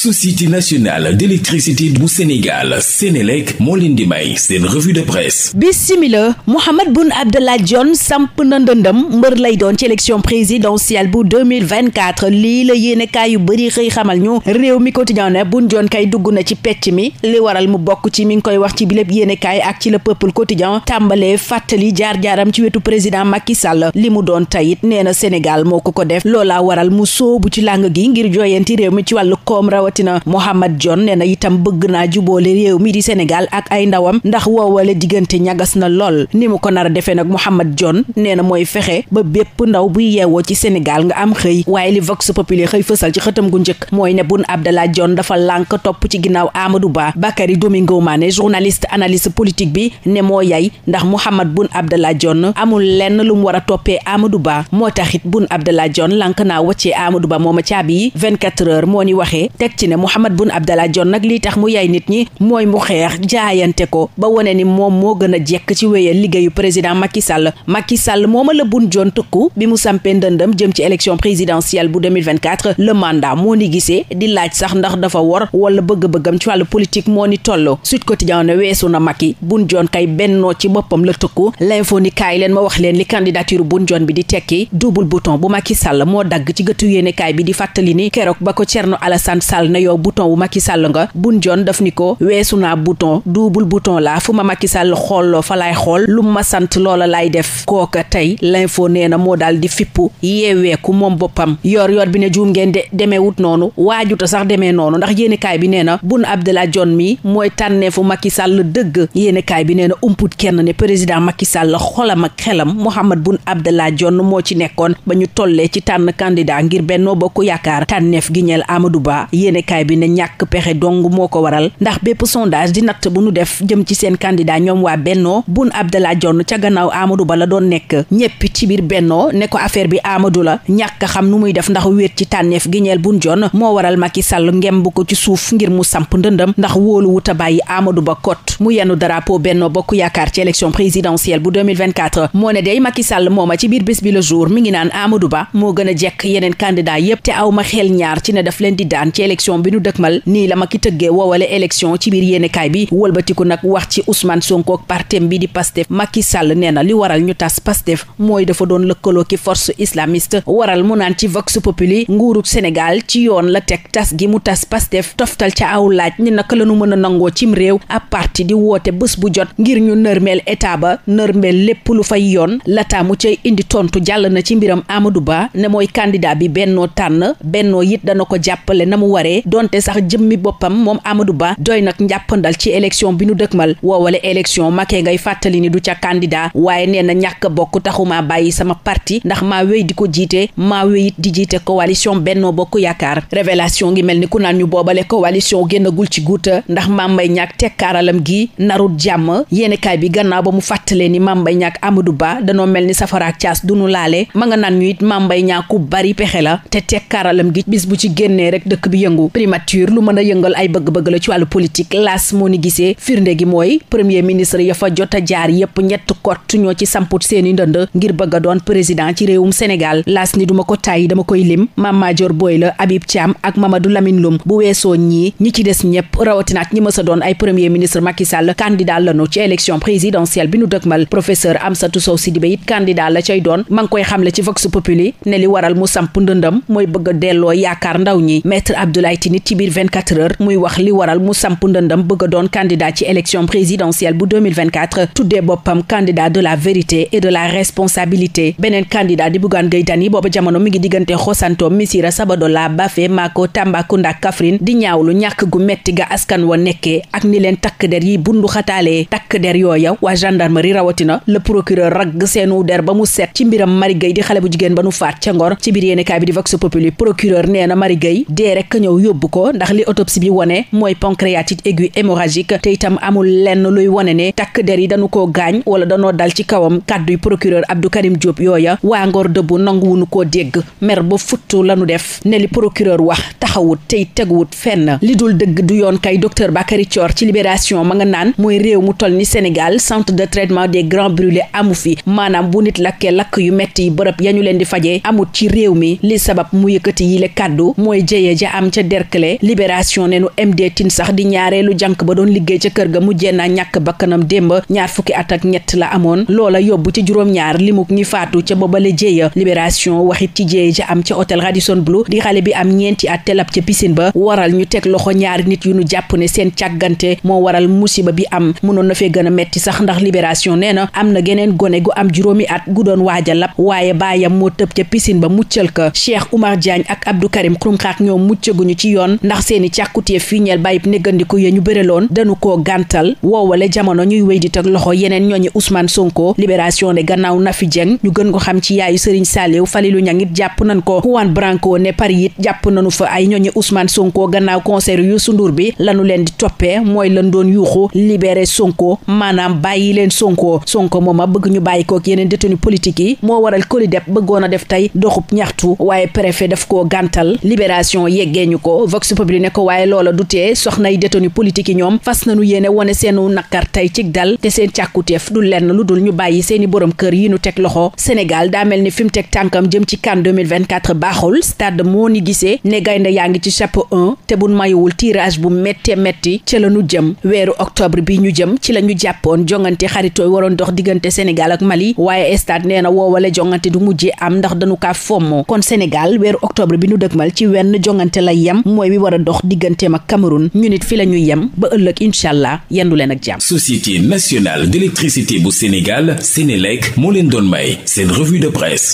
société nationale d'électricité bu Sénégal Sénélec moo leen di may de presse bisimila Abdallah Dionne samp na ndëndëm mbër lay doon ci élection présidentielle bu 2024 lii la yéenekaay yu bari xëy xamal ñu réew mi quotidien ne Boun Dionne kay dugg na ci pecc mi li waral mu bokk ci mi ngi koy wax ci biléb yéenekaay ak ci le peuple quotidien tàmbalee fàttali jaar-jaaram ci wetu président Macky Sall li mu doon tayit nee na Sénégal moo ko ko def loolaa waral mu soobu ci làng gi ngir jooyanti réew mi ci wàllu koom rawa rawatina Mohamed Dionne nee itam bëgg naa juboole réew mi di Sénégal ak ay ndawam ndax woowale diggante ñagas na lool ni mu ko nar a defee nag Mohamed Dionne nee na mooy fexe ba bépp ndaw buy yeewoo ci Sénégal nga am xëy waaye li Vox Populi xëy fësal ci xëtam gu njëkk mooy ne Boun Abdallah Dionne dafa lànk topp ci ginnaaw Amadou Ba Bakary Domingo Mané journaliste analyste politique bi ne moo yay ndax Mohamed Boun Abdallah Dionne amul lenn lu mu war a toppee Amadou Ba moo taxit Boun Abdallah Dionne lànk naa wàccee Amadou Ba mooma caabi yi 24 heures moo ni waxee ci ne Mahammed Boun Abdallah Dionne nag lii tax mu yay nit ñi mooy mu xeex jaayante ko ba wone ni moom moo gën a jekk ci wéyal liggéeyu président Macky Sall Macky Sall mooma la Boun Dionne tukku bi mu sampee ndëndëm jëm ci élection présidentielle bu 2024 le mandat moo ni gisee di laaj sax ndax dafa wor wala bëgg-bëggam ci wàllu politique moo ni toll Sud Quotidien ne weesu na Macky Boun Dionne kay bennoo ci boppam la tukku l'info ni kaay leen ma wax leen li candidature Boun Dionne bi di tekki double bouton bu Macky Sall moo dagg ci gëtu yéenekaay bi di fàttali ni keroog ba ko Thierno Alassane na yow bouton wu Macky sàll nga bun jon daf ni ko weesu naa bouton double bouton la fu ma makki Sall xool fa laay xool lu ma sant loola laay def kooka tey foo nee na moo daal di fippu yeeweeku moom boppam yor yor bi ne juum ngeen de demee noonu waajuta sax demee noonu ndax yéenekaay bi nee na bun Abdallah Dionne mi mooy tànneefu Macky sàll dëgg yéenekaay bi nee na umput kenn ne président Macky Sall xolam ak xelam Mohamed Boun Abdallah Dionne moo ci nekkoon ba ñu tollee ci tànn candidat ngir Bokk Yaakaar yéenekaay bi ne ñàkk pexe dong moo ko waral ndax bépp sondage di natt bu nu def jëm ci seen candidat ñoom waa bennoo Boun Abdallah Dionne ca gannaaw Amadou Ba la doon nekk ñépp ci biir bennoo ne ko affaire bi Amadou la ñàkk xam nu muy def ndax wéet ci tànneef gi ñeel Boun Dionne moo waral Macky Sall ngem bu ko ci suuf ngir mu samp ndëndam ndax Ba kot mu yenu drapeau Benno Bokk Yaakaar ci élection présidentielle bu 2024 moo ne day Macky Sall mooma ci biir bés bi le jour mi ngi naan Amadou Ba moo gën a jekk yeneen candidat yépp te aw ma xel ñaar ci ne daf leen di daan ci élection élection bi nu dëkmal nii la ma ki tëggee woowale élection ci biir yéenekaay bi walbatiku nag wax ci Ousmane Sonko ak partem bi di Pastef Macky Sall nee na li waral ñu tas Pastef mooy dafa doon lëkkaloo ki force islamiste waral mu naan ci vox populi nguuru Sénégal ci yoon la teg tas gi mu tas Pastef toftal ca aw laaj ni naka la nu mën a nangoo cim réew ab parti di woote bés bu jot ngir ñu nërmeel état ba nërmeel lépp lu fay yoon lataa mu cay indi tontu jàll na ci mbiram Amadou Ba ne mooy candidat bi bennoo tànn bennoo it donte sax jëmmi boppam moom amadu Ba doy nag njàppandal ci élection bi nu mal woowale élection makee ngay fàttali ni du ca candidat waaye nee na ñàkk bokk taxumaa bàyyi sama parti ndax ma wéy di ko jiite maa wéy it di jiite coalition Benno Bokk Yaakaar révélation ngi mel ni ku naan ñu boobale coalition génnagul ci guuta ndax Mame Mbaye Niang tekkaaralam gi narut jàmm yéenekaay bi gannaaw ba mu fàttalee ni Mame Mbaye Niang Amadou Ba danoo mel ni safara du nu laale ma nga naan ñu it Mame Mbaye bari pexe la te tekkaaralam gi bis bu ci génnee rek dëkk bi yëngu primature lu mën a yëngal ay bëgg-bëgg la ci wàllu politique las moo ni gisee firnde gi mooy premier ministre ya fa jot a jaar yépp ñett kott ñoo ci samput seeni ndënd ngir bëgg a doon président ci réewum Sénégal las ni duma ko tàyyi dama koy lim Mame Madior Boye la Habib Thiam ak Mamadou Lamine Loum bu weesoo ñii ñi ci des ñëpp rawatinaat ñi mës doon ay premier ministre Macky Sall candidat lanu ci élection présidentielle bi nu dëkmal professeur Amsatou Sow Sidibé it doon koy xamle ci Vox Populi ne li waral layti nit ci biir 24 heures muy wax li waral mu samp ndëndam bëgg a doon candidat ci élection présidentielle bu 2024 tuddee boppam candidat de la vérité et de la responsabilité beneen candidat di Bougane Gueye Dany booba jamono mi ngi diggante Xosanto Missira Sabadola Bafé Mako Tambacounda Kaffrine di ñaawlu ñàkk gu metti ga askan wa nekkee ak ni leen takk der yi bundu xataalee takk der yooya waa gendarmerie rawatina le procureur ragg seenu der ba mu set ci mbiram Marie Gueye di xale bu jigéen ba nu faat ca bi di Vox Populi procureur néew yóbbu ko ndax li autopsie bi wone mooy pancréatite aiguë hémorragique te itam amul lenn luy wone ne takk der yi dañu koo gaañ wala danoo dal ci kawam kàdduy procureur Abdou Karim Diop yooya waa Ngor dëbb nanguwunu koo dégg mer ba futtu lanu def ne li procureur wax taxawut tey teguwut fenn li dul dëgg du yoon kay docteur Bakary Thior ci libération ma nga naan mooy réew mu toll ni Sénégal centre de traitement de grands brûlés amu fi maanaam bu nit lakkee lakk yu metti yi bërëb ya ñu leen di fajee amut ci réew mi li sabab Derklé libération ne nu MD tin sax di ñaareelu jànk ba doon liggéey ca kër ga mujjee naa ñàkk bakkanam démb ñaar fukki at ak ñett la amoon loola yóbbu ci juróom-ñaar limuk ñi faatu ca boobale jéeya libération waxit ci jéey ja am ca hôtel Radisson Blu di xale bi am ñeenti at telab ca piscine ba waral ñu teg loxo ñaari nit yu ñu jàpp ne seen càggante moo waral musiba bi am mënoon na fee gën a metti sax ndax libération nee na am na geneen gone gu am juróomi at gu doon waaj a lab waaye baayam moo tëb ca piscine ba muccal ka Cheikh Oumar Diagne ci yoon ndax seeni càkkuteef fii ñeel bàyyib néggandiku ya ñu bëraloon dañu koo gàntal woowale jamono ñuy wéy di teg loxo yeneen ñooñi Ousmane Sonko libération de gannaaw Nafi Dieng ñu gën ko xam ci yaayu Serigne Saliou Falilou Niang it jàpp nañ ko Juan Branco ne Paris it jàpp nañu fa ay ñooñi usmaan Sonko gannaaw concert Youssou Ndour bi lanu leen di toppee mooy lan doon yuuxu libere Sonko maanaam bàyyi leen Sonko Sonko mooma bëgg ñu bàyyi kook yeneen détenu politique yi moo waral Colideb bëggoon a def tey doxub ñaxtu waaye préfet daf koo gàntal libération yeggee ko vox populi ne ko waaye loola du tee soxnay détenu politique yi ñoom fas nañu yéene wone seenu naqar tey cig dal te seen càkkuteef du lenn lu dul ñu bàyyi seeni borom kër yi ñu teg loxo Sénégal daa mel ni fi teg tànkam jëm ci CAN baaxul stade moo ni gisee ne yaa ngi ci chapeau 1 te bu mayuwul tirage bu méttee métti ci la jëm weeru octobre bi ñu jëm ci la ñu jàppoon jongante xaritooy waroon dox diggante Sénégal ak Mali waaye stade nee na woowale jongante du mujjee am ndax dañu mooy wi war a dox diggante ma Cameroun ñu nit fii la ñuy yem ba ëllëg incha allah yendu leen ak jàmm. Société nationale d'électricité bu Sénégal Sénélec moo leen doon may seen revue de presse.